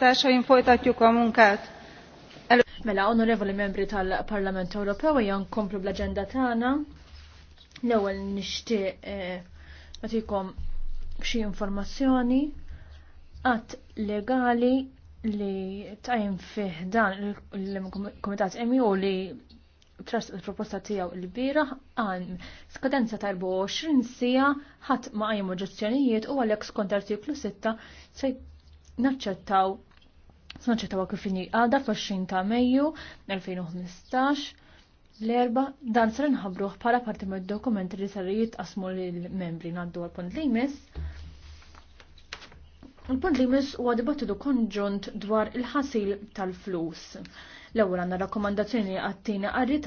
Társaim, folytatjuk a munkát. Mela, onorevoli membri tal-Parlament Ewropew, jan komplu bl-agenda tagħna. L-ewwel nixtieq eh, nagħtikom xi informazzjoni għat legali li tajn fih dan il-Kumitat Emi u li trast il-proposta tiegħu l-bira għan skadenza ta' 24 sija ħadd ma' qajjem oġġezzjonijiet u għalhekk skont artiklu 6 sejt naċċettaw Snaċċettaw kif inhi għada f 20 ta' Mejju 2015 l-erba dan ser nħabruħ bħala parti mid-dokument li ser jitqasmu l membri ngħaddu għall-punt li jmiss. Il-punt li jmiss huwa dibattitu konġunt dwar il-ħasil tal-flus. L-ewwel għandna rakkomandazzjoni għattina tieni